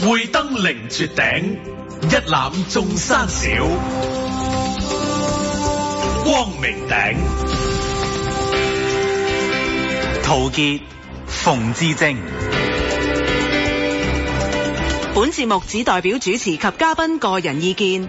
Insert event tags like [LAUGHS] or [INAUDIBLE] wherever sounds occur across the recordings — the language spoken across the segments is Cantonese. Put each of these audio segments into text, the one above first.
會登凌絕頂，一覽眾山小。光明頂，陶傑、馮智政。本節目只代表主持及嘉賓個人意見。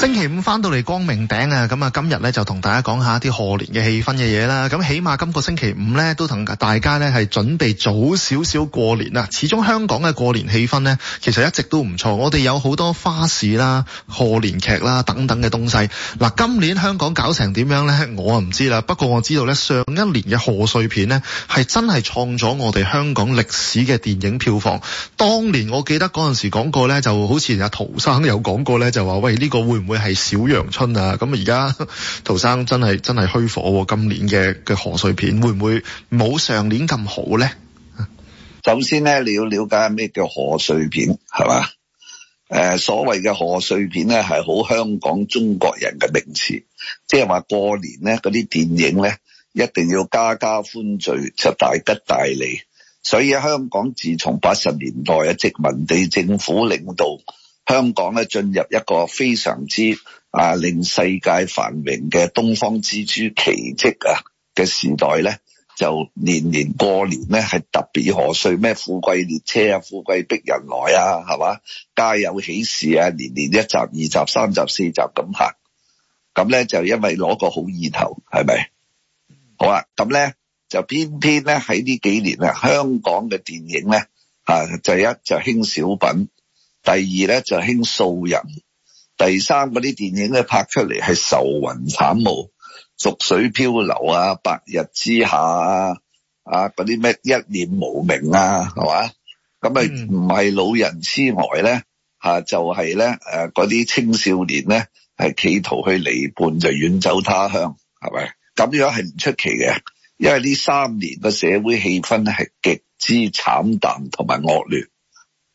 星期五翻到嚟光明頂啊！咁啊，今日咧就同大家講下啲賀年嘅氣氛嘅嘢啦。咁起碼今個星期五咧都同大家咧係準備早少少過年啦。始終香港嘅過年氣氛呢，其實一直都唔錯。我哋有好多花市啦、賀年劇啦等等嘅東西。嗱，今年香港搞成點樣呢？我唔知啦。不過我知道呢，上一年嘅賀歲片呢，係真係創咗我哋香港歷史嘅電影票房。當年我記得嗰陣時講過咧，就好似阿陶生有講過呢，就話喂呢個會唔會？會係小陽春啊！咁而家陶生真係真係虛火，啊，今年嘅嘅賀歲片會唔會冇上年咁好呢？首先咧，你要了解咩叫賀歲片，係嘛？誒、呃，所謂嘅賀歲片咧，係好香港中國人嘅名詞，即係話過年咧嗰啲電影咧，一定要家家歡聚，就大吉大利。所以喺、啊、香港自從八十年代嘅殖民地政府領導。香港咧進入一個非常之啊令世界繁榮嘅東方之珠奇蹟啊嘅時代咧，就年年過年咧係特別賀歲咩？富貴列車啊，富貴逼人來啊，係嘛？家有喜事啊，年年一集二集三集四集咁行，咁咧就因為攞個好意頭，係咪？好啦、啊，咁咧就偏偏咧喺呢幾年啊，香港嘅電影咧啊，第一就興小品。第二咧就興素人，第三嗰啲電影咧拍出嚟係愁雲慘霧、濁水漂流啊、白日之下啊啊嗰啲咩一念無明啊，係嘛？咁咪唔係老人痴呆咧吓，就係咧誒嗰啲青少年咧係企圖去離叛，就遠走他鄉，係咪？咁樣係唔出奇嘅，因為呢三年個社會氣氛係極之慘淡同埋惡劣。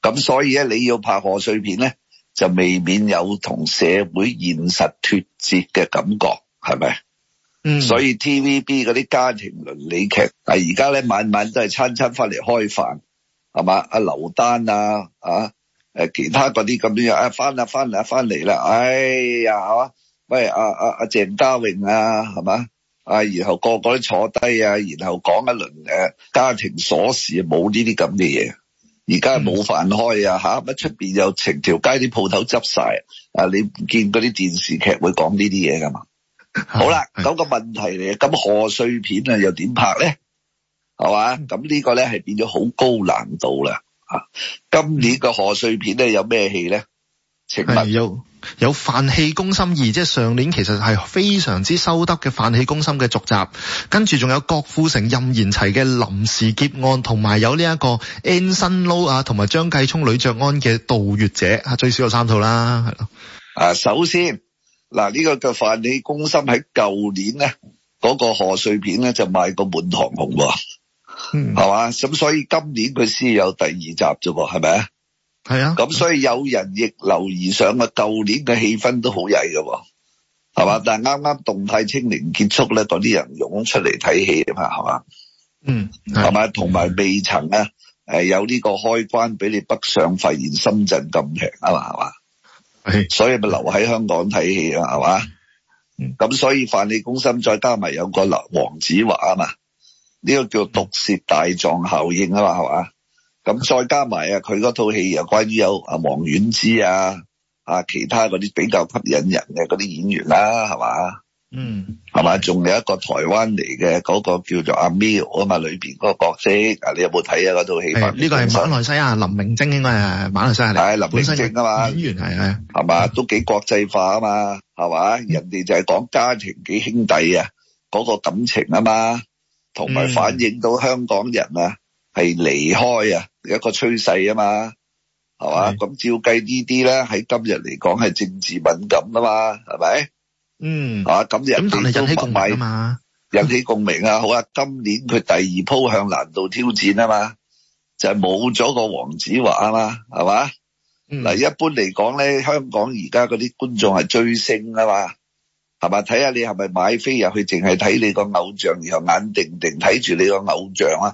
咁所以咧，你要拍賀歲片咧，就未免有同社會現實脫節嘅感覺，係咪？嗯。所以 T V B 嗰啲家庭倫理劇，嗱而家咧晚晚都係餐餐翻嚟開飯，係嘛？阿劉丹啊，啊誒其他嗰啲咁樣啊翻啦翻啦翻嚟啦，哎呀，係嘛？喂阿阿阿鄭嘉穎啊，係嘛？啊然後個個都坐低啊，然後講一輪誒、啊、家庭瑣事，冇呢啲咁嘅嘢。而家冇飯開啊吓，乜出邊有成條街啲鋪頭執晒。啊？你唔見嗰啲電視劇會講呢啲嘢噶嘛？ [LAUGHS] 好啦，咁、嗰個問題嚟，咁賀 [LAUGHS] 歲片啊又點拍咧？係嘛？咁呢個咧係變咗好高難度啦、啊。今年個賀歲片咧有咩戲咧？請問。 [LAUGHS] [LAUGHS] 有《飯戲攻心二》，即係上年其實係非常之收得嘅《飯戲攻心》嘅續集，跟住仲有郭富城、任賢齊嘅《臨時劫案》，同埋有呢一個 Anson Lo 啊，同埋張繼聰、呂爵安嘅《盜月者》，最少有三套啦。啊，首先嗱，呢、這個嘅《飯戲攻心》喺舊年咧，嗰個賀歲片咧就賣個滿堂紅喎，係嘛、嗯？咁所以今年佢先有第二集啫噃，係咪啊？係啊，咁所以有人逆流而上啊，舊年嘅氣氛都好曳嘅，係嘛？但係啱啱動態清零結束咧，嗰啲人湧出嚟睇戲啊嘛，係嘛吧？嗯、啊，係嘛？同埋未曾咧，誒、呃、有呢個開關俾你北上發現深圳咁平啊嘛，係嘛？所以咪留喺香港睇戲啊嘛，係嘛、嗯？咁所以飯氣攻心再加埋有個劉黃子華啊嘛，呢、這個叫毒舌大狀效應啊嘛，係嘛？咁再加埋啊，佢嗰套戲又關於有阿王菀之啊，啊其他嗰啲比較吸引人嘅嗰啲演員啦，係嘛？嗯，係嘛？仲有一個台灣嚟嘅嗰個叫做阿 Miu 啊嘛，裏邊嗰個角色啊，你有冇睇啊？嗰套戲？係呢個係馬來西亞林明禎，應該係馬來西亞嚟。係林明禎啊嘛，演員係係，係嘛？都幾國際化啊嘛，係嘛？人哋就係講家庭幾兄弟啊，嗰個感情啊嘛，同埋反映到香港人啊係離開啊。有一個趨勢啊嘛，係嘛？咁照計呢啲咧，喺今日嚟講係政治敏感啊嘛，係咪？嗯，啊，今日都引起共鳴啊嘛，引起共鳴啊！好啊，今年佢第二鋪向難度挑戰啊嘛，就係冇咗個黃子華啊嘛，係嘛？嗱，一般嚟講咧，香港而家嗰啲觀眾係追星啊嘛，係嘛？睇下你係咪買飛入去，淨係睇你個偶像，然後眼定定睇住你個偶像啊？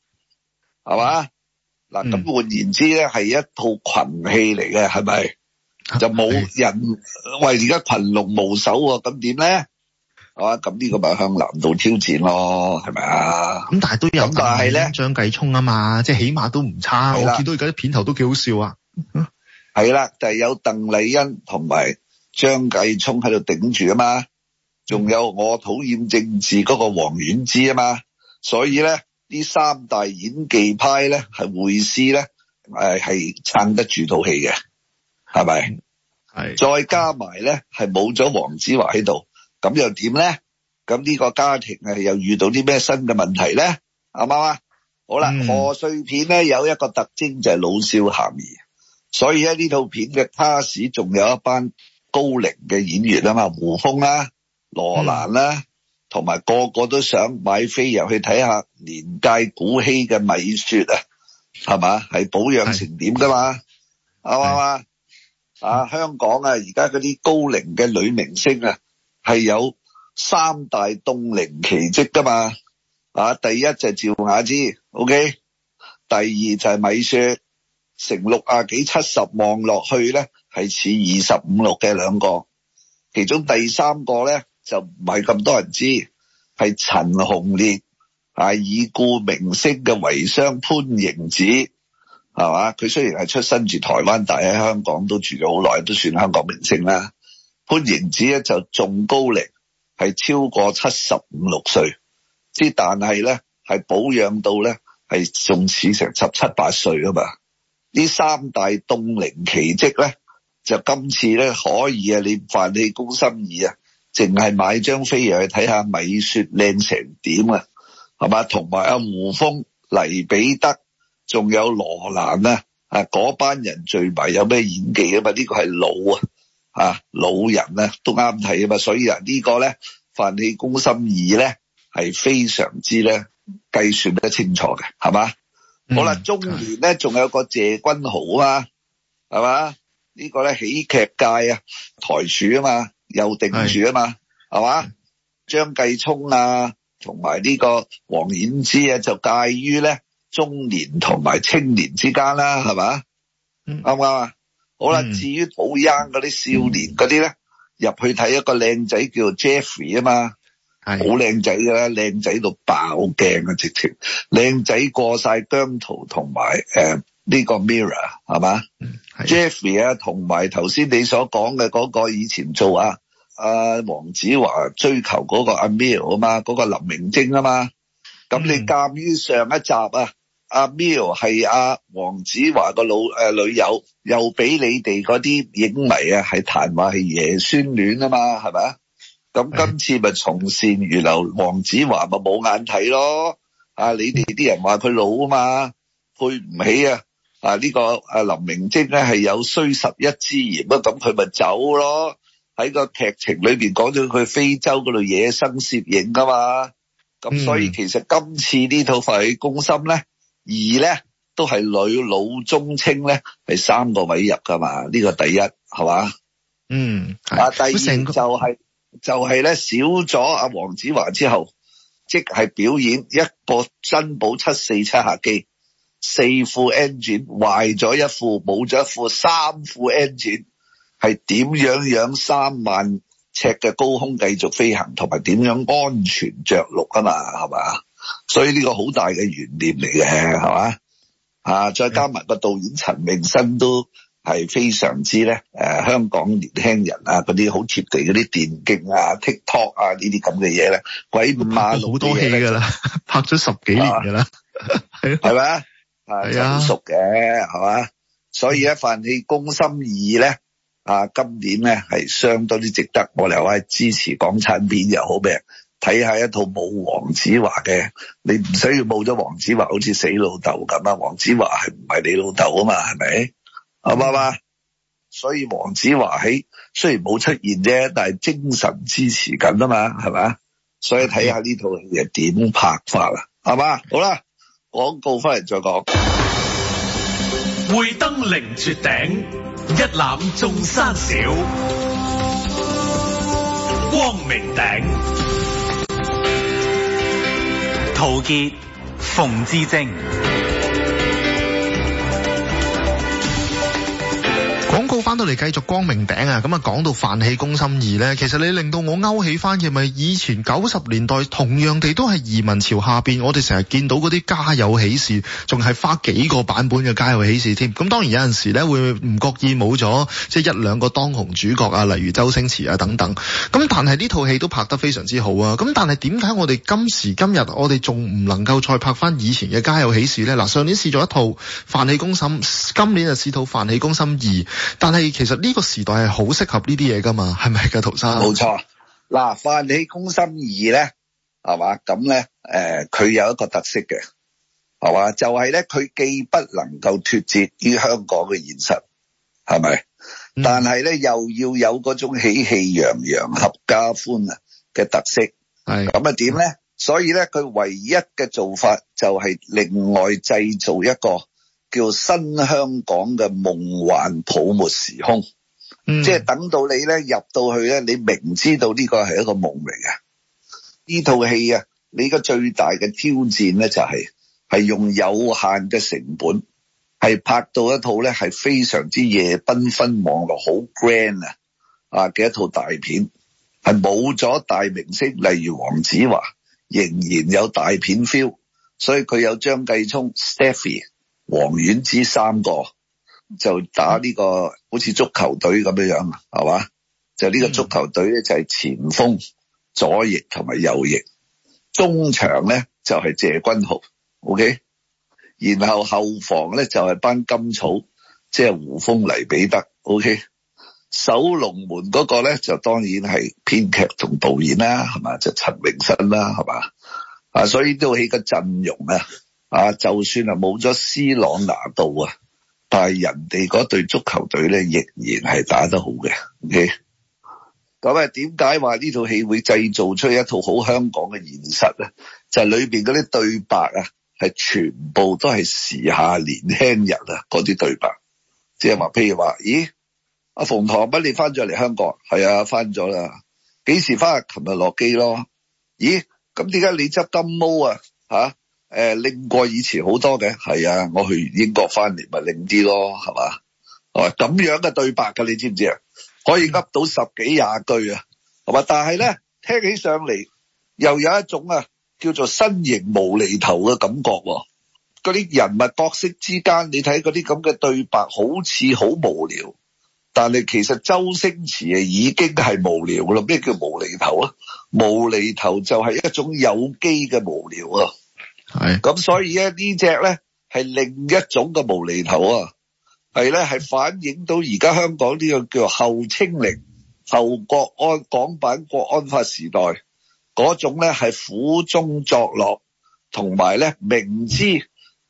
係嘛？嗱咁換言之咧，係一套群戲嚟嘅，係咪？就冇人 [LAUGHS] 的喂，而家群龍無首啊？咁點咧？啊，咁呢個咪、啊、向難度挑戰咯，係咪啊？咁但係都有、嗯，但就係咧，張繼聰啊嘛，即係起碼都唔差。我見到而家啲片頭都幾好笑啊！係啦，就係、是、有鄧麗欣同埋張繼聰喺度頂住啊嘛，仲有我討厭政治嗰個黃遠枝啊嘛，所以咧。呢三大演技派咧，係會師咧，誒，係撐得住套戲嘅，係咪？係再加埋咧，係冇咗黃子華喺度，咁又點咧？咁呢個家庭啊，又遇到啲咩新嘅問題咧？啱啱啊，好啦，賀歲片咧，有一個特徵就係老少咸宜，所以咧，呢套片嘅 cast 仲有一班高齡嘅演員吖嘛，胡楓啦，羅蘭啦。同埋個個都想買飛入去睇下年屆古稀嘅米雪啊，係嘛？係保養成點㗎嘛？係嘛嘛？吧的啊，香港啊，而家嗰啲高齡嘅女明星啊，係有三大凍齡奇蹟㗎嘛？啊，第一就係趙雅芝，OK，第二就係米雪，成六啊幾七十望落去咧，係似二十五六嘅兩個，其中第三個咧。就唔係咁多人知，係陳鴻烈，係、啊、已故明星嘅遺孀潘迎紫。係嘛？佢雖然係出身住台灣，但喺香港都住咗好耐，都算香港明星啦。潘迎紫咧就仲高齡，係超過七十五六歲，之但係咧係保養到咧係仲似成十七八歲啊嘛。呢三大凍齡奇蹟咧，就今次咧可以啊！你唔犯氣攻心耳啊！淨係買張飛去睇下米雪靚成點啊，係嘛？同埋阿胡楓、黎彼得，仲有羅蘭啊，啊嗰班人聚埋有咩演技啊嘛？呢個係老啊，啊老人咧、啊、都啱睇啊嘛。所以啊，這個、呢個咧飯氣攻心二咧係非常之咧計算得清楚嘅，係嘛？嗯、好啦，中年咧仲有個謝君豪啊，係嘛？這個、呢個咧喜劇界啊台柱啊嘛。又定住啊嘛，係嘛是？張繼聰啊，同埋呢個黃衍之啊，就介於咧中年同埋青年之間啦，係嘛？啱唔啱啊？好啦，至於土生嗰啲少年嗰啲咧，入去睇一個靚仔叫 Jeffrey 啊嘛，好靚仔噶啦，靚仔到爆鏡啊，直情靚仔過晒薑濤同埋誒。呃呢個 Mirror 係嘛？Jeffrey 啊，同埋頭先你所講嘅嗰個以前做啊，阿黃子華追求嗰個阿 Mill 啊嘛，嗰、嗰個林明晶啊嘛。咁你鑑於上一集、mm hmm. 啊，阿 Mill 係阿黃子華個老誒、呃、女友，又俾你哋嗰啲影迷啊係彈話係爺孫戀啊嘛，係咪啊？咁今次咪從善如流，黃子華咪冇眼睇咯。啊，你哋啲人話佢老啊嘛，配唔起啊！啊！呢個阿林明晶咧係有衰十一之嫌啊，咁佢咪走咯？喺個劇情裏邊講咗佢非洲嗰度野生攝影噶嘛，咁所以其實今次呢套《飯戲攻心》咧，二咧都係女老中青咧係三個位入噶嘛，呢個第一係嘛？嗯，啊第二就係就係咧少咗阿黃子華之後，即係表演一個珍寶七四七客機。四副 engine 壞咗一副，冇咗一副，三副 engine 係點樣樣三萬尺嘅高空繼續飛行，同埋點樣安全着陸啊嘛，係嘛？所以呢個好大嘅懸念嚟嘅，係嘛？啊，再加埋個導演陳明新都係非常之咧，誒、呃，香港年輕人啊，嗰啲好貼地嗰啲電競啊、TikTok 啊呢啲咁嘅嘢咧，鬼馬好多戲噶啦，拍咗十幾年噶啦，係咪吧 [LAUGHS] [LAUGHS] 係啊，好熟嘅，係嘛？所以飯氣攻心二咧，啊，今年咧係相當之值得我哋又係支持港產片又好咩？睇下一套冇黃子華嘅，你唔需要冇咗黃子華，好似死老豆咁啊！黃子華係唔係你老豆啊嘛？係咪？好嘛？所以黃子華喺雖然冇出現啫，但係精神支持緊啊嘛，係嘛？所以睇下呢套嘢係點拍法啊？係嘛？好啦，廣告翻嚟再講。會登凌絕頂，一覽眾山小。光明頂，陶傑、馮智政。翻到嚟繼續《光明頂》啊，咁啊講到《飯氣攻心二》呢，其實你令到我勾起翻嘅咪以前九十年代同樣地都係移民潮下邊，我哋成日見到嗰啲《家有喜事》，仲係花幾個版本嘅《家有喜事》添。咁當然有陣時呢，會唔覺意冇咗，即係一兩個當紅主角啊，例如周星馳啊等等。咁但係呢套戲都拍得非常之好啊。咁但係點解我哋今時今日我哋仲唔能夠再拍翻以前嘅《家有喜事》呢？嗱，上年試咗一套《飯氣攻心》，今年就試套《飯氣攻心二》，但係其實呢個時代係好適合呢啲嘢噶嘛係咪噶，陶生？冇錯，嗱，發起公心二咧，係嘛，咁咧，誒、呃，佢有一個特色嘅，係嘛，就係咧，佢既不能夠脫節於香港嘅現實，係咪？嗯、但係咧，又要有嗰種喜氣洋洋、合家歡啊嘅特色，係咁啊點咧？呢嗯、所以咧，佢唯一嘅做法就係另外製造一個。叫新香港嘅夢幻泡沫時空，嗯、即係等到你咧入到去咧，你明知道呢個係一個夢嚟嘅。呢套戲啊，你個最大嘅挑戰咧就係、是、係用有限嘅成本，係拍到一套咧係非常之夜繽紛網絡好 grand 啊啊嘅一套大片，係冇咗大明星例如黃子華，仍然有大片 feel，所以佢有張繼聰、Stephy。黃王菀之三個就打呢、這個好似足球隊咁樣樣，係嘛？就呢個足球隊咧就係前鋒左翼同埋右翼，中場咧就係謝君豪，OK。然後後防咧就係班甘草，即、就、係、是、胡楓、黎彼得，OK。守龍門嗰個咧就當然係編劇同導演啦，係嘛？就陳榮新啦，係嘛？啊，所以都起個陣容啊。啊，就算啊冇咗斯朗拿度啊，但係人哋嗰隊足球隊咧，仍然係打得好嘅。咁、OK? 啊，點解話呢套戲會製造出一套好香港嘅現實咧？就係、是、裏邊嗰啲對白啊，係全部都係時下年輕人啊嗰啲對白，即係話譬如話，咦，阿馮唐不，你翻咗嚟香港？係啊，翻咗啦，幾時翻啊？琴日落機咯。咦，咁點解你執金毛啊？吓、啊？誒、呃，令過以前好多嘅係啊！我去英國翻嚟咪令啲咯，係嘛？哦、啊，咁樣嘅對白㗎，你知唔知啊？可以噏到十幾廿句啊，係嘛？但係咧，聽起上嚟又有一種啊，叫做新型無厘頭嘅感覺。嗰啲人物角色之間，你睇嗰啲咁嘅對白，好似好無聊，但係其實周星馳係已經係無聊咯。咩叫無厘頭啊？無厘頭就係一種有機嘅無聊啊！係咁，嗯、所以咧呢隻咧係另一種嘅無厘頭啊，係咧係反映到而家香港呢個叫做後清零、後國安、港版國安法時代嗰種咧係苦中作樂，同埋咧明知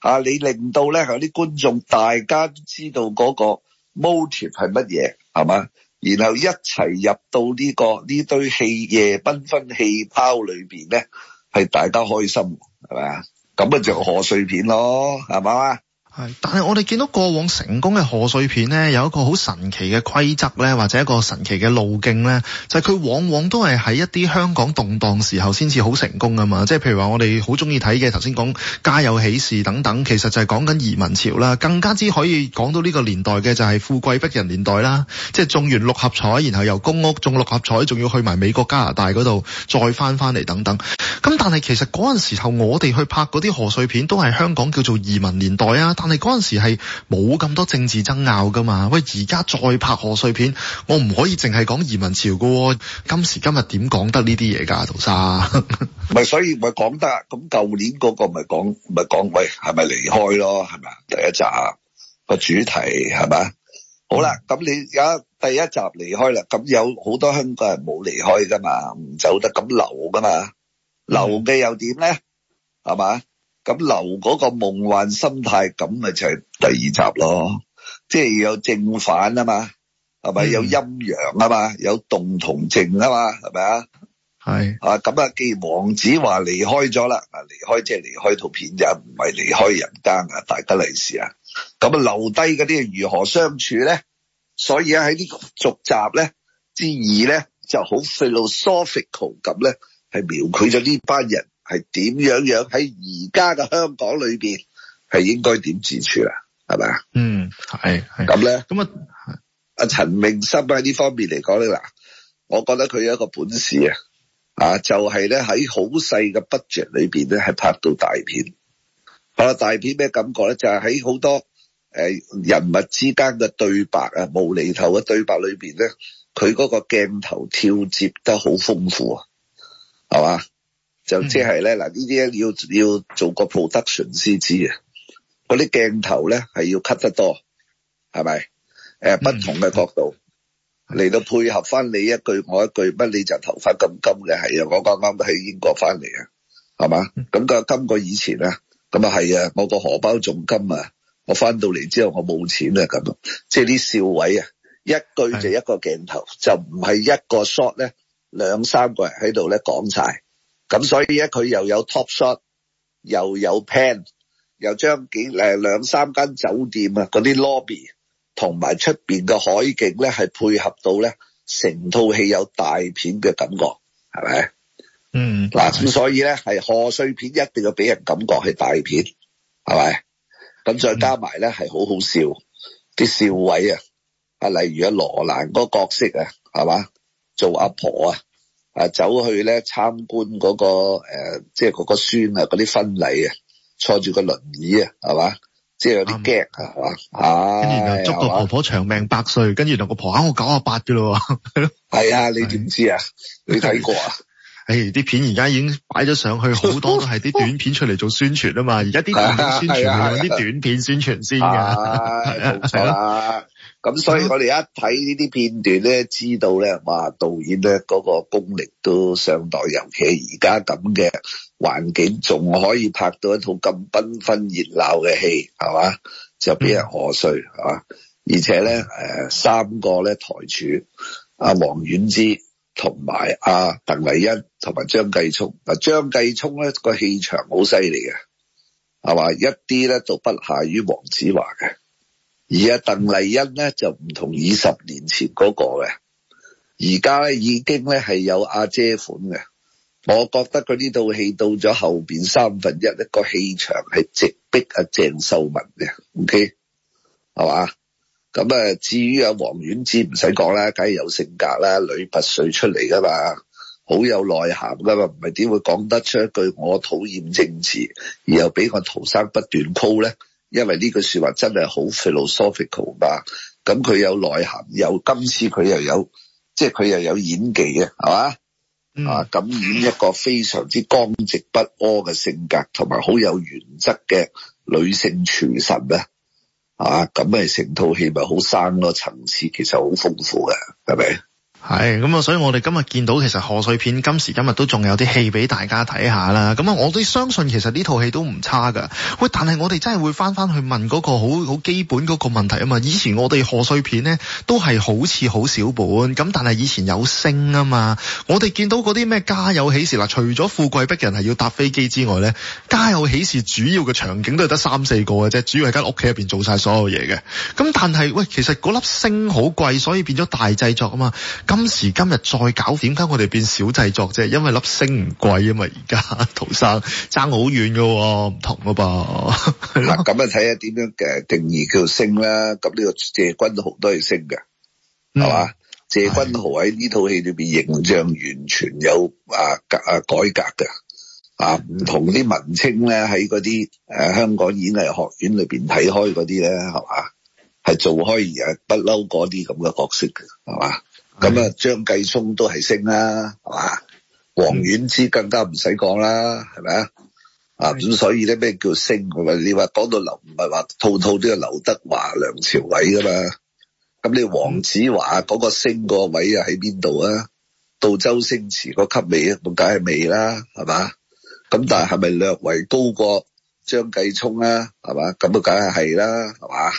吓你令到咧有啲觀眾大家知道嗰個 motive 係乜嘢係嘛，然後一齊入到呢、這個呢堆戲夜繽紛氣泡裏邊咧，係大家開心。係咪啊？咁啊就賀歲片咯，係咪啊？但係我哋見到過往成功嘅賀歲片呢，有一個好神奇嘅規則呢，或者一個神奇嘅路徑呢，就係佢往往都係喺一啲香港動盪時候先至好成功啊嘛。即係譬如話，我哋好中意睇嘅頭先講家有喜事等等，其實就係講緊移民潮啦。更加之可以講到呢個年代嘅就係富貴逼人年代啦，即係中完六合彩，然後由公屋中六合彩，仲要去埋美國加拿大嗰度再翻翻嚟等等。咁但係其實嗰陣時候我哋去拍嗰啲賀歲片都係香港叫做移民年代啊。但係嗰陣時係冇咁多政治爭拗噶嘛？喂，而家再拍賀歲片，我唔可以淨係講移民潮噶喎。今時今日點講得呢啲嘢㗎？杜生，咪所以咪講得咁舊年嗰個咪講咪講喂係咪離開咯？係咪啊？第一集個主題係咪？好啦，咁你而家第一集離開啦，咁有好多香港人冇離開噶嘛，唔走得咁留噶嘛，留嘅又點咧？係嘛、嗯？係咪？咁留嗰個夢幻心態，咁咪就係第二集咯。即係有正反啊嘛，係咪、嗯、有陰陽啊嘛，有動同靜啊嘛，係咪啊？係啊是，咁啊，既然王子話離開咗啦，啊離開即係離開套片，就唔係離開人間啊？大吉利是啊，咁啊留低嗰啲如何相處咧？所以咧喺呢個續集咧之二咧，就好 philosophical 咁咧，係描繪咗呢班人。係點樣樣喺而家嘅香港裏邊係應該點自處啊？係咪啊？嗯，係咁咧。咁啊，阿陳、嗯、明生喺呢方面嚟講咧嗱，我覺得佢有一個本事啊，啊，就係、是、咧喺好細嘅 budget 裏邊咧，係拍到大片。拍到大片咩感覺咧？就係喺好多誒人物之間嘅對白啊，無厘頭嘅對白裏邊咧，佢嗰個鏡頭跳接得好豐富啊，係嘛？就即係咧，嗱呢啲咧要要做個 production 先知啊，嗰啲鏡頭咧係要 cut 得多，係咪？誒，不同嘅角度嚟到配合翻你一句我一句，乜你就頭髮咁金嘅係啊？我啱啱喺英國翻嚟啊，係嘛？咁個金過以前啊，咁啊係啊，我個荷包仲金啊，我翻到嚟之後我冇錢啊咁啊，即係啲笑位啊，一句就一個鏡頭，就唔係一個 shot 咧，兩三個人喺度咧講晒。咁所以咧，佢又有 top shot，又有 pan，又將幾誒兩三間酒店啊嗰啲 lobby 同埋出邊嘅海景咧，係配合到咧成套戲有大片嘅感覺，係咪？嗯？嗯。嗱咁所以咧，係賀歲片一定要俾人感覺係大片，係咪？咁再加埋咧係好好笑，啲笑位啊，啊例如阿、啊、羅蘭嗰個角色啊，係嘛？做阿婆啊。啊，走去咧參觀嗰，那個誒，即係嗰個孫啊，嗰啲婚禮啊，坐住個輪椅啊，係嘛，即、就、係、是、有啲驚啊，係嘛吧，啊吧，跟住就祝個婆婆長命百歲，跟住同個婆啊，我九十八噶咯，係 [LAUGHS] 啊，你點知啊？的你睇過啊？誒、哎，啲片而家已經擺咗上去，好多都係啲短片出嚟做宣傳啊嘛，而家啲電影宣傳用啲短片宣傳先噶，係 [LAUGHS] 啊， [LAUGHS] 咁所以我哋一睇呢啲片段咧，知道咧，哇，導演咧嗰、那個功力都相當，尤其而家咁嘅環境，仲可以拍到一套咁繽紛熱鬧嘅戲，係嘛？就俾人賀歲，係嘛？而且咧，誒、呃，三個咧台柱，阿黃婉之同埋阿鄧麗欣同埋張繼聰，嗱，張繼聰咧個氣場好犀利嘅，係嘛？一啲咧就不下於黃子華嘅。而阿鄧麗欣咧就唔同二十年前嗰個嘅，而家咧已經咧係有阿姐款嘅。我覺得佢呢套戲到咗後邊三分一，一個氣場係直逼阿鄭秀文嘅。O K，係嘛？咁啊，至於阿黃婉芝唔使講啦，梗係有性格啦，女拔萃出嚟噶嘛，好有內涵噶嘛，唔係點會講得出一句我討厭政治，而又俾個陶生不斷 call 咧？因為呢句說話真係好 philosophical 嘛，咁佢有內涵，有今次佢又有，即係佢又有演技嘅，係嘛？嗯、啊，咁演一個非常之剛直不阿嘅性格，同埋好有原則嘅女性廚神咧，啊，咁咪成套戲咪好生咯，層次其實好豐富嘅，係咪？係咁啊，所以我哋今日見到其實賀歲片今時今日都仲有啲戲俾大家睇下啦。咁啊，我都相信其實呢套戲都唔差㗎。喂，但係我哋真係會返返去問嗰個好好基本嗰個問題啊嘛。以前我哋賀歲片呢都係好似好少本，咁但係以前有星啊嘛。我哋見到嗰啲咩家有喜事嗱，除咗《富貴逼人》係要搭飛機之外呢，家有喜事主要嘅場景都係得三四個嘅啫，主要係間屋企入邊做晒所有嘢嘅。咁但係喂，其實嗰粒星好貴，所以變咗大製作啊嘛。今時今日再搞，點解我哋變小製作啫？因為粒星唔貴啊嘛！而家陶生爭好遠噶，唔同噶噃。嗱，咁啊睇下點樣嘅定義叫做星啦。咁呢、嗯、個謝君豪都係星嘅，係嘛、嗯？謝君豪喺呢套戲裏邊唉形象完全有啊啊改革嘅啊，唔、嗯、同啲文青咧喺嗰啲誒香港演藝學院裏邊睇開嗰啲咧，係嘛？係做開而家不嬲嗰啲咁嘅角色嘅，係嘛？咁、嗯、啊，張繼聰都係升啦，係嘛？黃菀之更加唔使講啦，係咪、嗯、啊？啊，咁所以咧，咩叫升？我咪你話講到劉，唔係話套套都有劉德華、梁朝偉噶嘛？咁你黃子華嗰個升個位又喺邊度啊？到周星馳個級別啊，咁梗係未啦，係嘛？咁但係係咪略為高過張繼聰啊？係嘛？咁都梗係係啦，係嘛？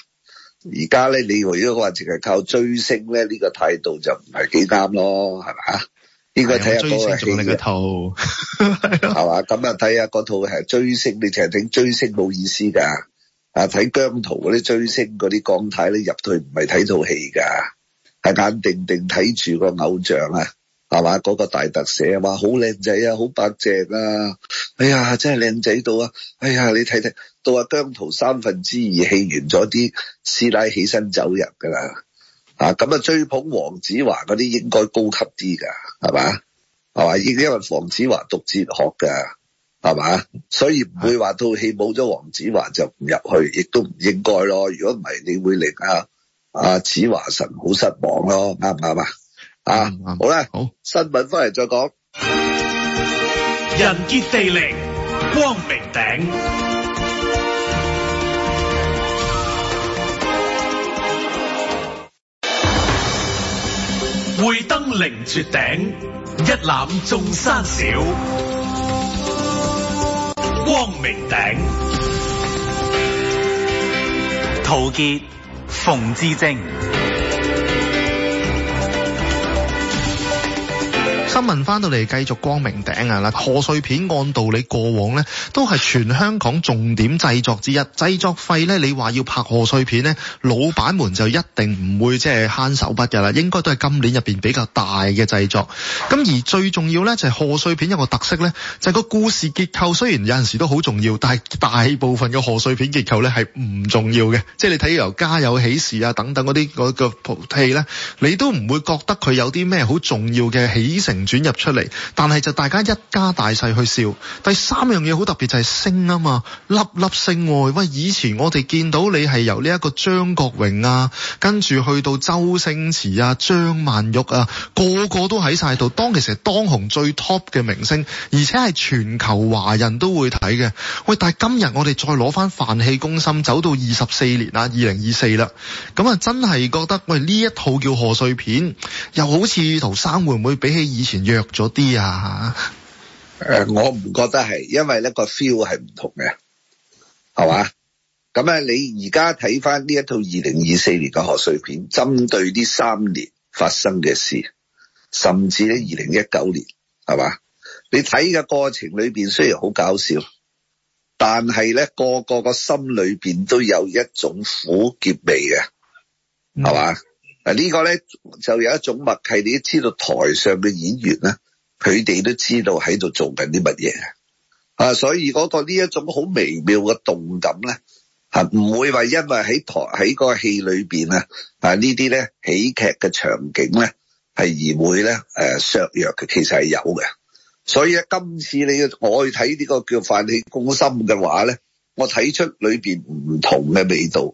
而家咧，你如果話淨係靠追星咧，呢個態度就唔係幾啱咯，係嘛？應該睇下、哎、追星做套，係 [LAUGHS] 嘛？咁啊，睇下嗰套係追星，你淨係整追星冇意思噶。啊，睇姜濤嗰啲追星嗰啲光太咧入去唔係睇套戲噶，係眼定定睇住個偶像啊！係嘛？嗰個大特寫啊嘛，好靚仔啊，好白淨啊！哎呀，真係靚仔到啊！哎呀，你睇睇到阿姜濤三分之二戲完咗，啲師奶起身走人噶啦啊！咁啊，追捧黃子華嗰啲應該高級啲噶，係嘛？係嘛？因因為黃子華讀哲學噶，係嘛？所以唔會話套戲冇咗黃子華就唔入去，亦都唔應該咯。如果唔係，你會令啊，阿、啊、子華神好失望咯，啱唔啱啊？啊，好啦，好，新聞翻嚟再講。人傑地靈，光明頂，會登凌絕頂，一覽眾山小。光明頂，陶傑、馮智政。新聞翻到嚟繼續光明頂啊！啦，賀歲片按道理過往呢都係全香港重點製作之一，製作費呢，你話要拍賀歲片呢，老闆們就一定唔會即係慳手筆㗎啦，應該都係今年入邊比較大嘅製作。咁而最重要呢，就係賀歲片有個特色呢，就係個故事結構雖然有陣時都好重要，但係大部分嘅賀歲片結構呢係唔重要嘅，即係你睇由家有喜事啊等等嗰啲嗰個戲呢，你都唔會覺得佢有啲咩好重要嘅起承。轉入出嚟，但係就大家一家大細去笑。第三樣嘢，好特別就係星啊嘛，粒粒星喎、啊。喂，以前我哋見到你係由呢一個張國榮啊，跟住去到周星馳啊、張曼玉啊，個個都喺晒度。當其時當紅最 top 嘅明星，而且係全球華人都會睇嘅。喂，但係今日我哋再攞翻飯氣攻心，走到二十四年啊，二零二四啦，咁啊真係覺得喂，呢一套叫賀歲片，又好似陶生會唔會比起以前？弱咗啲啊！ [MUSIC] 我唔覺得係，因為呢個 feel 係唔同嘅，係嘛？咁咧， [MUSIC] 你而家睇翻呢一套二零二四年嘅賀歲片，針對呢三年發生嘅事，甚至咧二零一九年，係嘛？你睇嘅過程裏邊雖然好搞笑，但係咧個個個心裏邊都有一種苦澀味嘅，係嘛？ [MUSIC] 嗱，呢個咧就有一種默契，你都知道台上嘅演員咧，佢哋都知道喺度做緊啲乜嘢啊！所以嗰、那個呢一種好微妙嘅動感咧，吓、啊、唔會話因為喺台喺個戲裏邊啊，但呢啲咧喜劇嘅場景咧係而會咧誒、呃、削弱嘅，其實係有嘅。所以咧、啊、今次你要我去睇呢個叫《飯戲攻心》嘅話咧，我睇出裏邊唔同嘅味道，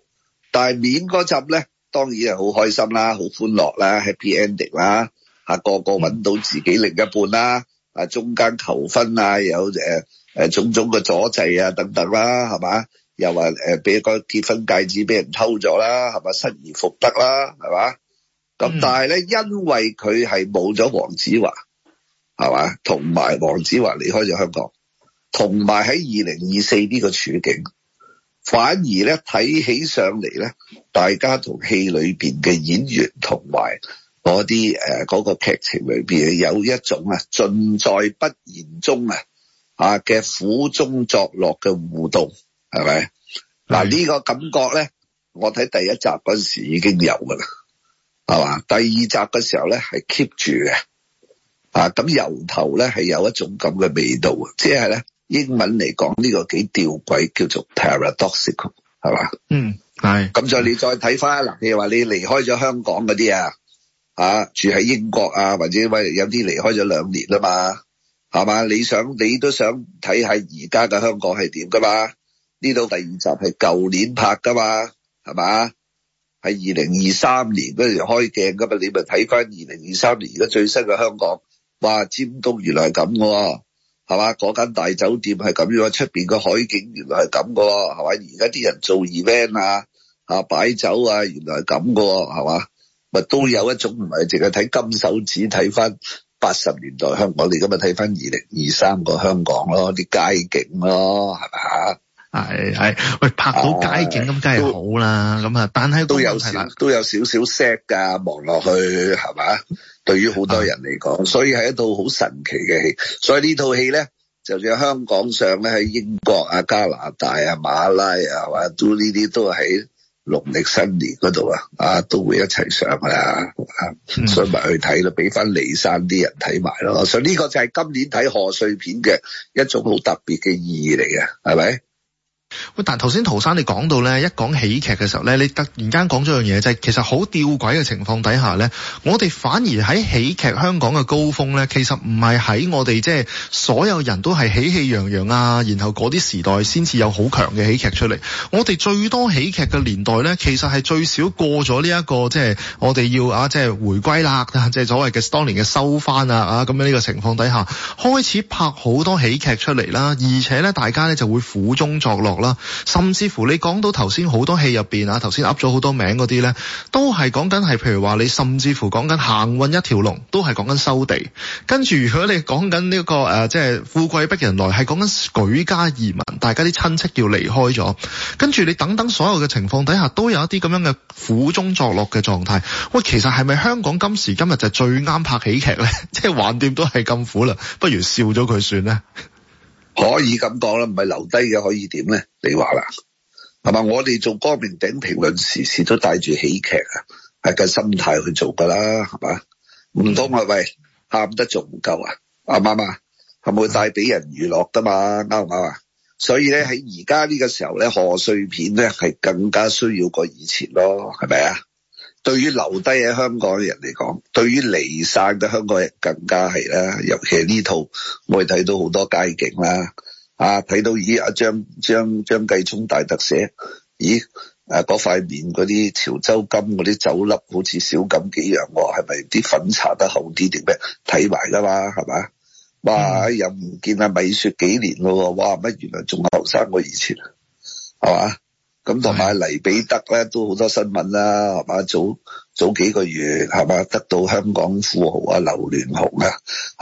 但係面嗰集咧。當然係好開心啦，好歡樂啦，Happy Ending 啦，吓、啊、個個揾到自己另一半啦，啊，中間求婚啊，有誒誒、呃、種種嘅阻滯啊等等啦，係嘛？又話誒俾個結婚戒指俾人偷咗啦，係嘛？失而復得啦，係嘛？咁但係咧，因為佢係冇咗黃子華，係嘛？同埋黃子華離開咗香港，同埋喺二零二四呢個處境。反而咧睇起上嚟咧，大家同戲裏邊嘅演員同埋嗰啲誒嗰個劇情裏邊有一種啊盡在不言中啊啊嘅苦中作樂嘅互動，係咪？嗱呢、嗯啊呢個感覺咧，我睇第一集嗰陣時已經有噶啦，係嘛？第二集嗰時候咧係 keep 住嘅啊，咁由頭咧係有一種咁嘅味道即係咧。就是英文嚟講呢個幾吊詭，叫做 paradoxical，係嘛？嗯，係。咁再你再睇翻嗱，譬如話你離開咗香港嗰啲啊，嚇住喺英國啊，或者喂有啲離開咗兩年啊嘛，係嘛，嘛，嘛？你想你都想睇下而家嘅香港係點㗎嘛？呢度第二集係舊年拍㗎嘛，係嘛？喺二零二三年嗰陣時開鏡㗎嘛，你咪睇翻二零二三年而家最新嘅香港，哇，尖東原來係咁㗎喎！係嘛？嗰間大酒店係咁樣，出邊個海景原來係咁噶，係咪？而家啲人做 event 啊，啊擺酒啊，原來係咁噶，係嘛？咪都有一種唔係淨係睇金手指，睇翻八十年代香港，你今日睇翻二零二三個香港咯，啲街景咯，係咪啊？係係喂，拍到街景咁，梗係好啦咁啊！但係都有少都有少少 sad 噶，望落去係嘛？對於好多人嚟講，所以係一套好神奇嘅戲。所以呢套戲咧，就算香港上咧，喺英國啊、加拿大啊、馬拉啊，哇，都呢啲都喺農曆新年嗰度啊，啊都會一齊上噶啦、啊嗯，所以咪去睇咯，俾翻離散啲人睇埋咯。所以呢個就係今年睇賀歲片嘅一種好特別嘅意義嚟嘅，係咪？喂，但係頭先陶生你講到咧，一講喜劇嘅時候咧，你突然間講咗樣嘢，就係其實好吊詭嘅情況底下咧，我哋反而喺喜劇香港嘅高峰咧，其實唔係喺我哋即係所有人都係喜氣洋洋啊，然後嗰啲時代先至有好強嘅喜劇出嚟。我哋最多喜劇嘅年代咧，其實係最少過咗呢一個即係我哋要啊，即係回歸啦，即係所謂嘅當年嘅收翻啊，啊咁樣呢個情況底下，開始拍好多喜劇出嚟啦，而且咧大家咧就會苦中作樂。甚至乎你講到頭先好多戲入邊啊，頭先噏咗好多名嗰啲呢，都係講緊係，譬如話你甚至乎講緊行運一條龍，都係講緊收地。跟住如果你講緊呢個誒，即係富貴逼人來，係講緊舉家移民，大家啲親戚要離開咗。跟住你等等所有嘅情況底下，都有一啲咁樣嘅苦中作樂嘅狀態。喂，其實係咪香港今時今日就最啱拍喜劇呢？ [LAUGHS] 即係橫掂都係咁苦啦，不如笑咗佢算咧。可以咁講啦，唔係留低嘅可以點咧？你話啦，係咪？我哋做光明頂評論時，時時都帶住喜劇啊，係咁心態去做㗎啦，係嘛？唔通啊？喂，喊得仲唔夠啊？啱唔啱啊？係咪會帶俾人娛樂㗎嘛？啱唔啱啊？所以咧，喺而家呢個時候咧，賀歲片咧係更加需要過以前咯，係咪啊？對於留低喺香港嘅人嚟講，對於離散嘅香港人更加係啦。尤其係呢套，我哋睇到好多街景啦，啊，睇到咦，阿張張張繼聰大特寫，咦，誒嗰塊面嗰啲潮州金嗰啲酒粒，好似少咁幾樣，係咪啲粉搽得好啲定咩？睇埋噶嘛，係嘛？哇，又唔見阿米雪幾年咯，哇，乜原來仲後生過以前，係嘛？咁同埋黎彼得咧都好多新聞啦，係嘛？早早幾個月係嘛？得到香港富豪啊、劉鑾雄啊，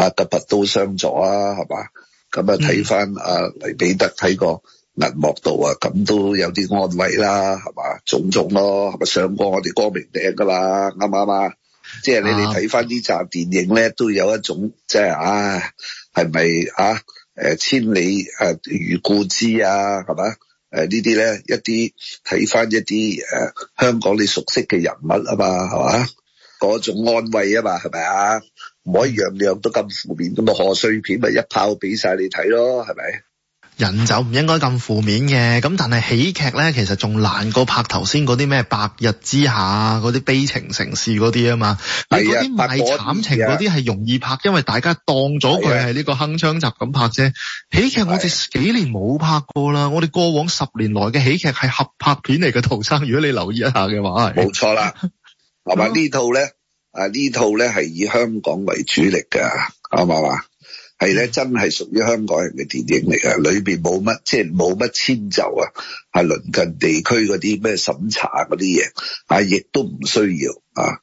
壓個拔刀相助啊，係嘛？咁啊睇翻阿黎彼得睇個銀幕度啊，咁、嗯、都有啲安慰啦，係嘛？種種咯，係咪上過我哋光明頂噶啦？啱唔啱啊？即係你哋睇翻呢集電影咧，都有一種即係啊，係咪啊？誒千里誒、啊、如故知啊，係咪誒，呃、呢啲咧一啲睇翻一啲誒、啊，香港你熟悉嘅人物啊嘛，係嘛？嗰種安慰啊嘛，係咪啊？唔可以樣樣都咁負面噶嘛，賀歲片咪一炮俾晒你睇咯，係咪？人就唔應該咁負面嘅，咁但係喜劇咧，其實仲難過拍頭先嗰啲咩白日之下嗰啲悲情城市嗰啲啊嘛。係啊的，賣慘情嗰啲係容易拍，因為大家當咗佢係呢個鏗鏘集咁拍啫。的喜劇我哋幾年冇拍過啦，的我哋過往十年來嘅喜劇係合拍片嚟嘅，陶生，如果你留意一下嘅話冇錯啦，同埋、 [LAUGHS] 啊、呢套咧，啊呢套咧係以香港為主力噶，啱嘛、啊？啊係咧，真係屬於香港人嘅電影嚟㗎！裏邊冇乜，即係冇乜遷就啊，係鄰近地區嗰啲咩審查嗰啲嘢啊，亦都唔需要啊！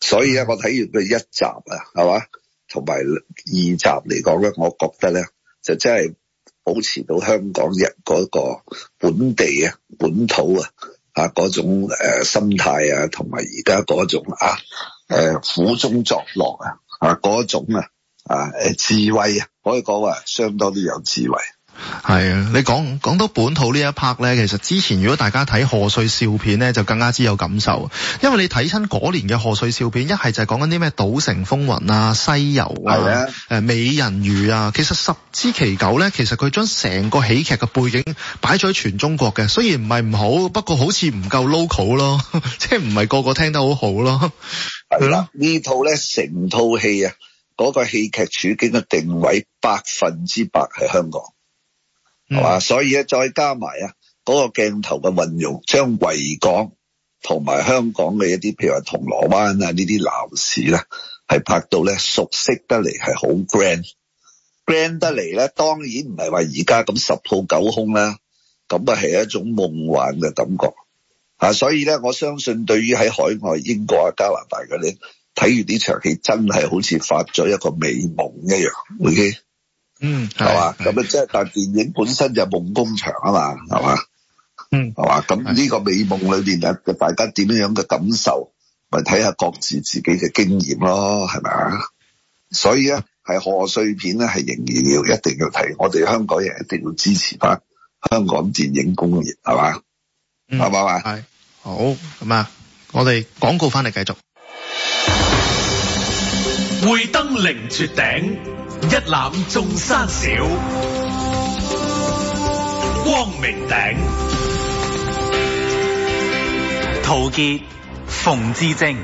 所以咧，我睇完佢一集啊，係咪，同埋二集嚟講咧，我覺得咧，就真係保持到香港人嗰個本地啊、本土啊啊嗰種誒心態啊，同埋而家嗰種啊誒苦中作樂啊啊嗰種啊。啊！誒，智慧啊，可以講啊，相當之有智慧。係啊，你講講到本土呢一 part 咧，其實之前如果大家睇賀歲笑片咧，就更加之有感受。因為你睇親嗰年嘅賀歲笑片，一係就係講緊啲咩賭城風雲啊、西遊啊、誒美人魚啊。其實十之其九咧，其實佢將成個喜劇嘅背景擺咗喺全中國嘅。雖然唔係唔好，不過好似唔夠 local 咯，即係唔係個個聽得好好咯。係咯，呢套咧成套戲啊。嗰個戲劇處境嘅定位百分之百係香港，係嘛？所以咧，再加埋啊，嗰個鏡頭嘅運用，將維港同埋香港嘅一啲，譬如話銅鑼灣啊呢啲鬧市咧，係拍到咧熟悉得嚟，係好 grand，grand 得嚟咧，當然唔係話而家咁十鋪九空啦，咁啊係一種夢幻嘅感覺吓，所以咧，我相信對於喺海外英國啊、加拿大嗰啲，睇完呢場戲，真係好似發咗一個美夢一樣，OK？嗯，係嘛？咁啊吧，即係是但電影本身就夢工場啊嘛，係嘛？嗯，係嘛？咁呢個美夢裏邊啊，大家點樣嘅感受，咪睇下各自自己嘅經驗咯，係咪啊？所以咧，係賀歲片咧，係仍然要一定要睇，我哋香港人一定要支持翻香港電影工業，係嘛？係嘛、嗯？係吧，好咁啊，我哋廣告翻嚟繼續。會登凌絕頂，一覽眾山小。光明頂，陶傑、馮智政。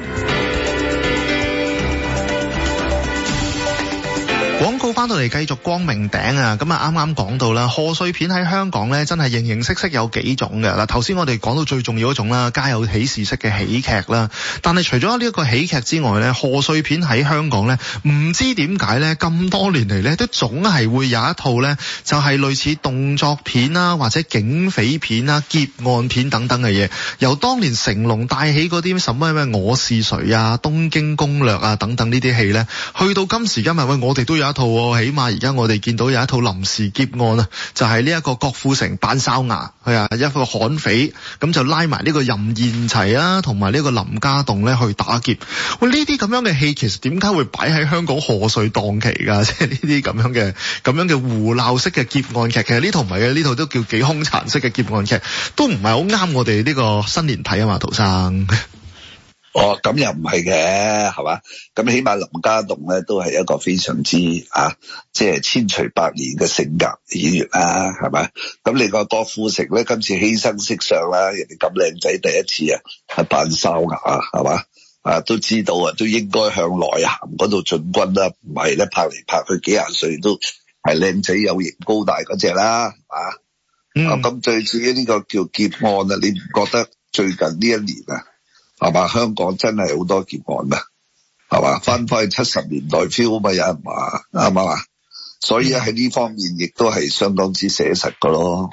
翻到嚟繼續光明頂啊！咁啊，啱啱講到啦，賀歲片喺香港呢，真係形形色色有幾種嘅。嗱，頭先我哋講到最重要一種啦，家有喜事式嘅喜劇啦。但係除咗呢一個喜劇之外呢，賀歲片喺香港呢，唔知點解呢，咁多年嚟呢，都總係會有一套呢，就係類似動作片啊，或者警匪片啊、劫案片等等嘅嘢。由當年成龍帶起嗰啲咩什麼咩我是誰啊、東京攻略啊等等呢啲戲呢，去到今時今日，喂，我哋都有一套喎。起碼我起碼而家我哋見到有一套臨時劫案啊，就係呢一個郭富城扮哨牙，係啊一個悍匪，咁就拉埋呢個任賢齊啦，同埋呢個林家棟咧去打劫。喂！呢啲咁樣嘅戲其實點解會擺喺香港賀歲檔期㗎？即係呢啲咁樣嘅咁樣嘅胡鬧式嘅劫案劇，其實呢套唔係嘅，呢套都叫幾兇殘式嘅劫案劇，都唔係好啱我哋呢個新年睇啊嘛，陶生。哦，咁又唔係嘅，係嘛？咁起碼林家棟咧都係一個非常之啊，即係千錘百煉嘅性格演員啦，係咪？咁另外郭富城咧，今次犧牲色相啦，人哋咁靚仔第一次啊，扮哨牙啊，係嘛？啊，都知道啊，都應該向內涵嗰度進軍啦、啊，唔係咧拍嚟，拍去幾廿歲都係靚仔有型高大嗰隻啦，嗯、啊，咁最至於呢個叫劫案啊，你唔覺得最近呢一年啊？係嘛？香港真係好多劫案啊！係嘛？翻返去七十年代 feel 嘛？有人話啱嘛？所以喺呢方面亦都係相當之寫實噶咯。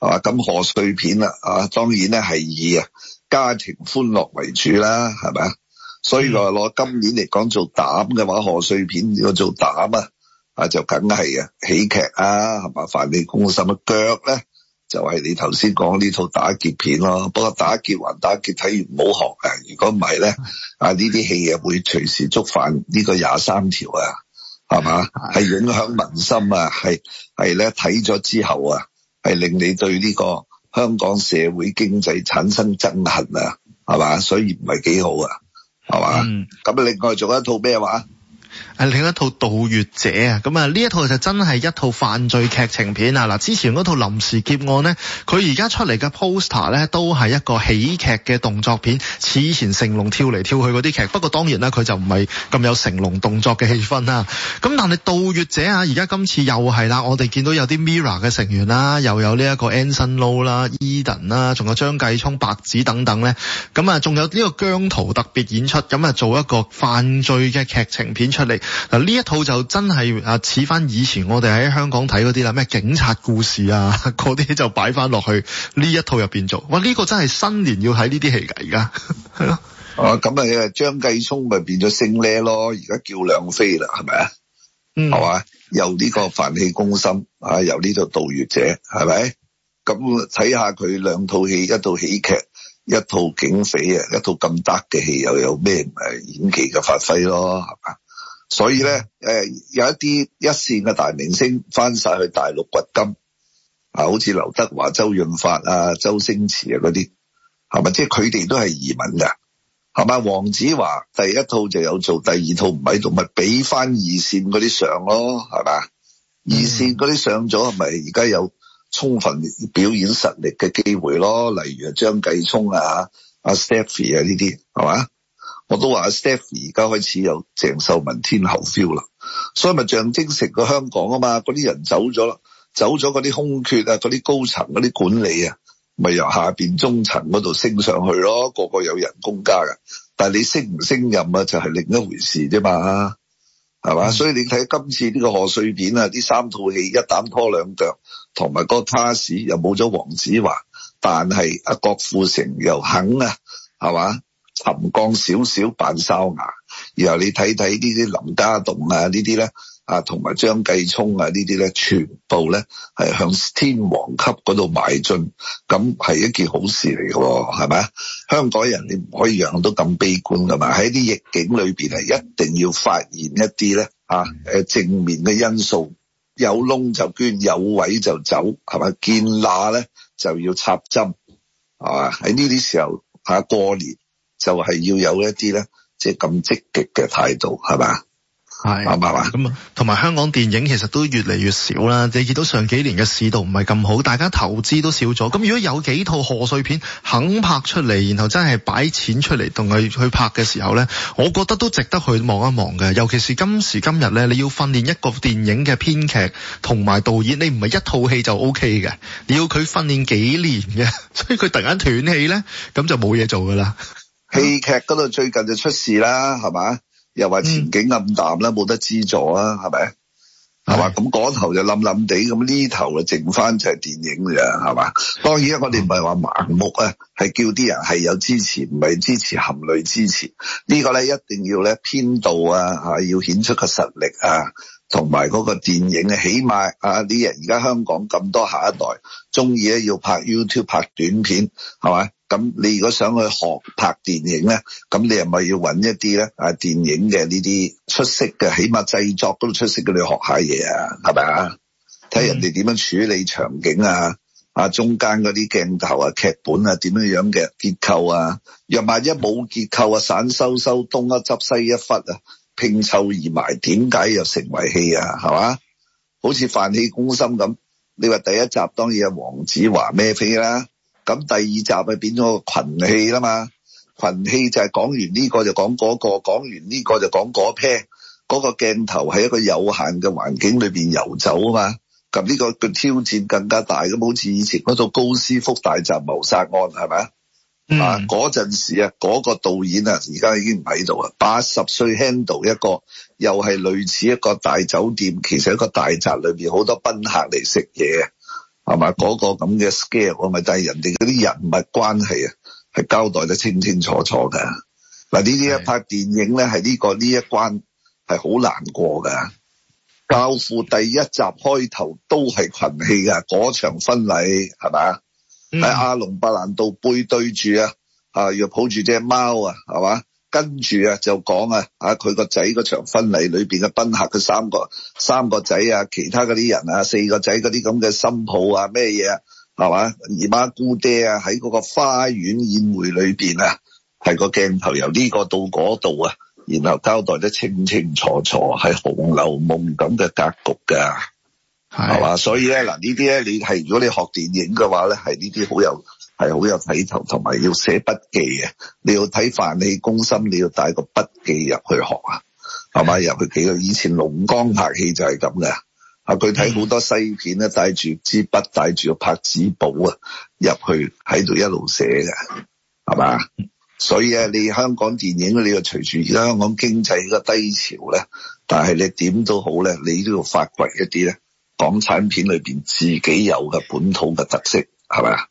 係嘛？咁賀歲片啦，啊，當然咧係以啊家庭歡樂為主啦，係咪啊？所以我攞今年嚟講做膽嘅話，賀歲片如果做膽啊，啊就梗係啊喜劇啊，係嘛？飯戲攻心嘅腳咧。就係你頭先講呢套打劫片咯，不過打劫還打劫睇完唔好學啊！如果唔係咧，啊呢啲戲嘢，會隨時觸犯呢個廿三條啊，係嘛？係影響民心啊，係係咧，睇咗之後啊，係令你對呢個香港社會經濟產生憎恨啊，係嘛？所以唔係幾好啊，係嘛？咁、嗯、另外仲有一套咩話？係另一套《盜月者》啊，咁啊呢一套就真係一套犯罪劇情片啊！嗱，之前嗰套《臨時劫案》呢，佢而家出嚟嘅 poster 呢，都係一個喜劇嘅動作片，似以前成龍跳嚟跳去嗰啲劇。不過當然啦，佢就唔係咁有成龍動作嘅氣氛啦。咁但係《盜月者》啊，而家今次又係啦，我哋見到有啲 Mirror 嘅成員啦，又有呢一個 Anson Lo 啦、Edan 啦，仲有張繼聰、白只等等呢。咁啊，仲有呢個姜濤特別演出，咁啊做一個犯罪嘅劇情片出嚟。嗱，呢一套就真係啊，似翻以前我哋喺香港睇嗰啲啦，咩警察故事啊，嗰啲就擺翻落去呢一套入邊做。哇，呢、這個真係新年要睇呢啲戲噶，而家係咯。哦，咁、嗯、啊，張繼聰咪變咗星咧咯，而家叫兩飛啦，係咪啊？嗯。係嘛？由呢個飯氣攻心啊，由呢套盜月者係咪？咁睇下佢兩套戲，一套喜劇，一套警匪啊，一套咁得嘅戲，又有咩誒演技嘅發揮咯？係嘛？所以咧，誒、呃、有一啲一線嘅大明星翻晒去大陸掘金啊，好似劉德華、周潤發啊、周星馳啊嗰啲，係咪？即係佢哋都係移民㗎，係咪？黃子華第一套就有做，第二套唔喺度，咪俾翻二線嗰啲上咯，係咪？嗯、二線嗰啲上咗，咪而家有充分表演實力嘅機會咯，例如張繼聰啊、阿 Stephy 啊呢啲、啊，係嘛？我都話阿 Steph 而家開始有鄭秀文天后 feel 啦，所以咪象徵成個香港啊嘛，嗰啲人走咗啦，走咗嗰啲空缺啊，嗰啲高層嗰啲管理啊，咪由下邊中層嗰度升上去咯，個個有人工加㗎，但係你升唔升任啊，就係另一回事啫嘛，係嘛？所以你睇今次呢個賀歲片啊，啲三套戲一膽拖兩腳，同埋個 cast 又冇咗黃子華，但係阿郭富城又肯啊，係嘛？沉降少少扮哨牙，然後你睇睇呢啲林家棟啊，啊，啊呢啲咧啊，同埋張繼聰啊呢啲咧，全部咧係向天王級嗰度邁進，咁係一件好事嚟嘅，哦，係咪啊？香港人你唔可以樣樣都咁悲觀噶嘛，喺啲逆境裏邊啊，一定要發現一啲咧啊，誒，正面嘅因素，有窿就捐，有位就走，係咪？見罅咧就要插針，係嘛？喺呢啲時候吓、啊、過年。就係要有一啲咧，即係咁積極嘅態度，係嘛？係明白嘛？咁啊吧，同埋香港電影其實都越嚟越少啦。你係到上幾年嘅市道唔係咁好，大家投資都少咗。咁如果有幾套賀歲片肯拍出嚟，然後真係擺錢出嚟同佢去拍嘅時候呢，我覺得都值得去望一望嘅。尤其是今時今日呢，你要訓練一個電影嘅編劇同埋導演，你唔係一套戲就 O K 嘅，你要佢訓練幾年嘅，所以佢突然間斷氣呢，咁就冇嘢做噶啦。戲劇嗰度最近就出事啦，係嘛？又話前景暗淡啦，冇、嗯、得資助啦，係咪？係嘛？咁、那、嗰、個、頭就冧冧地咁，呢、那個、頭啊剩翻就係電影嘅，係嘛？當然啊，我哋唔係話盲目啊，係叫啲人係有支持，唔係支持含淚支持。呢、這個咧一定要咧編導啊，吓要顯出個實力啊，同埋嗰個電影啊，起碼啊啲人而家香港咁多下一代中意咧要拍 YouTube 拍短片，係嘛？咁你如果想去學拍電影咧，咁你又咪要搵一啲咧啊電影嘅呢啲出色嘅，起碼製作都出色嘅你學下嘢啊，係咪啊？睇人哋點樣處理場景啊，啊中間嗰啲鏡頭啊、劇本啊點樣樣嘅結構啊，若萬一冇結構啊，散修修東一執西一忽啊，拼湊而埋，點解又成為戲啊？係嘛？好似飯氣攻心咁，你話第一集當然係黃子華咩飛啦。咁第二集咪變咗個群戲啦嘛，群戲就係講完呢個就講嗰、嗰個，講完呢個就講嗰批嗰個鏡頭喺一個有限嘅環境裏邊遊走啊嘛，咁、嗯、呢、嗯、個嘅挑戰更加大，咁好似以前嗰套高斯福大宅謀殺案係咪、嗯、啊？啊，嗰陣時啊，嗰個導演啊，而家已經唔喺度啦，八十歲 handle 一個，又係類似一個大酒店，其實一個大宅裏邊好多賓客嚟食嘢。係咪嗰個咁嘅 scale？咪就係人哋嗰啲人物關係啊，係交代得清清楚楚噶。嗱，呢啲一拍電影咧，係呢個呢一關係好難過噶。教父第一集開頭都係群戲噶，嗰場婚禮係咪啊？喺阿龍·伯蘭度背對住啊，啊若抱住隻貓啊，係嘛？跟住啊，就講啊，啊佢個仔嗰場婚禮裏邊嘅賓客，佢三個三個仔啊，其他嗰啲人啊，四個仔嗰啲咁嘅新抱啊，咩嘢啊，係嘛姨媽姑爹啊，喺嗰個花園宴會裏邊啊，係個鏡頭由呢個到嗰度啊，然後交代得清清楚楚，係《紅樓夢》咁嘅格局噶，係嘛的，所以咧嗱呢啲咧你係如果你學電影嘅話咧，係呢啲好有。係好有睇頭，同埋要寫筆記嘅。你要睇飯氣攻心，你要帶個筆記入去學啊，係嘛？入去幾個以前龍江拍戲就係咁嘅啊。佢睇好多西片咧，帶住支筆，帶住個拍紙簿啊，入去喺度一路寫嘅，係嘛？所以啊，你香港電影，你又隨住而家香港經濟個低潮咧，但係你點都好咧，你都要發掘一啲咧港產片裏邊自己有嘅本土嘅特色，係咪啊？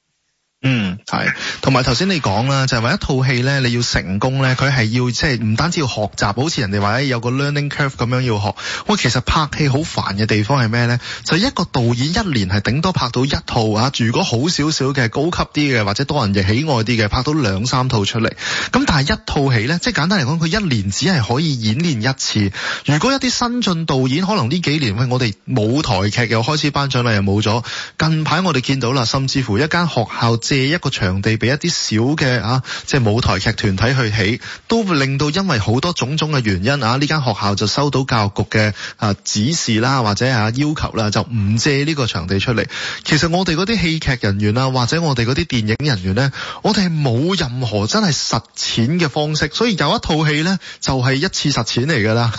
嗯，係，同埋頭先你講啦，就係話一套戲咧，你要成功咧，佢係要即係唔單止要學習好似人哋話有個 learning curve 咁樣要學喂，其實拍戲好煩嘅地方係咩咧？就係一個導演一年係頂多拍到一套啊，如果好少少嘅，高級啲嘅或者多人亦喜愛啲嘅，拍到兩三套出嚟。咁但係一套戲咧，即係簡單嚟講佢一年只係可以演練一次。如果一啲新晉導演，可能呢幾年喂我哋舞台劇又開始頒獎禮又冇咗。近排我哋見到啦，甚至乎一間學校借一個場地俾一啲小嘅，啊，即係舞台劇團體去起，都會令到，因為好多種種嘅原因啊。呢間學校就收到教育局嘅啊指示啦，或者啊要求啦，就唔借呢個場地出嚟。其實我哋嗰啲戲劇人員啊，或者我哋嗰啲電影人員呢，我哋係冇任何真係實踐嘅方式，所以有一套戲呢，就係、是、一次實踐嚟噶啦。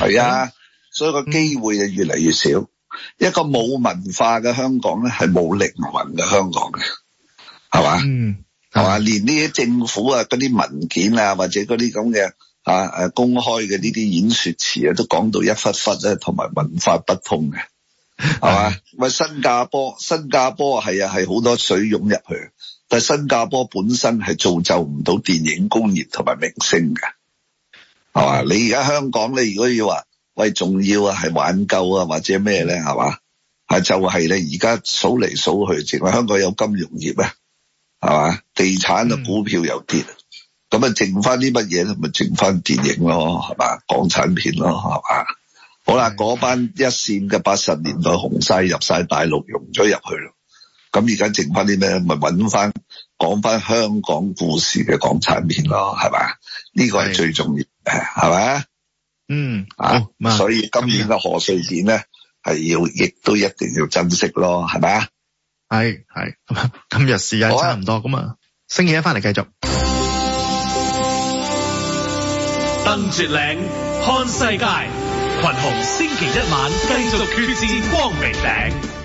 係 [LAUGHS] 啊，所以個機會就越嚟越少。嗯、一個冇文化嘅香港呢，係冇靈魂嘅香港嘅。係嘛，係嘛，連呢啲政府啊，嗰啲文件啊，或者嗰啲咁嘅啊誒、啊啊，公開嘅呢啲演說詞啊，都講到一忽忽咧，同埋文法不通嘅，係嘛？喂， [LAUGHS] 新加坡，新加坡係啊係好多水湧入去，但係新加坡本身係造就唔到電影工業同埋明星嘅，係嘛？ [LAUGHS] 你而家香港，你如果要話喂重要啊，係挽救啊，或者咩咧，係嘛？係就係你而家數嚟數去淨係香港有金融業啊。係嘛？地產啊，股票又跌，咁啊、嗯，剩翻啲乜嘢咧？咪剩翻電影咯，係嘛？港產片咯，係嘛？好啦，嗰的班一線嘅八十年代紅晒入晒大陸融咗入去啦，咁而家剩翻啲咩咧？咪搵翻講翻香港故事嘅港產片咯，係嘛？呢個係最重要誒，係嘛的？吧嗯啊，嗯哦、所以今年嘅賀歲片咧，係要亦都一定要珍惜咯，係嘛？係係咁啊，今日時間差唔多咁嘛。星期一翻嚟繼續。登絕嶺，看世界，群雄星期一晚繼續決戰光明頂。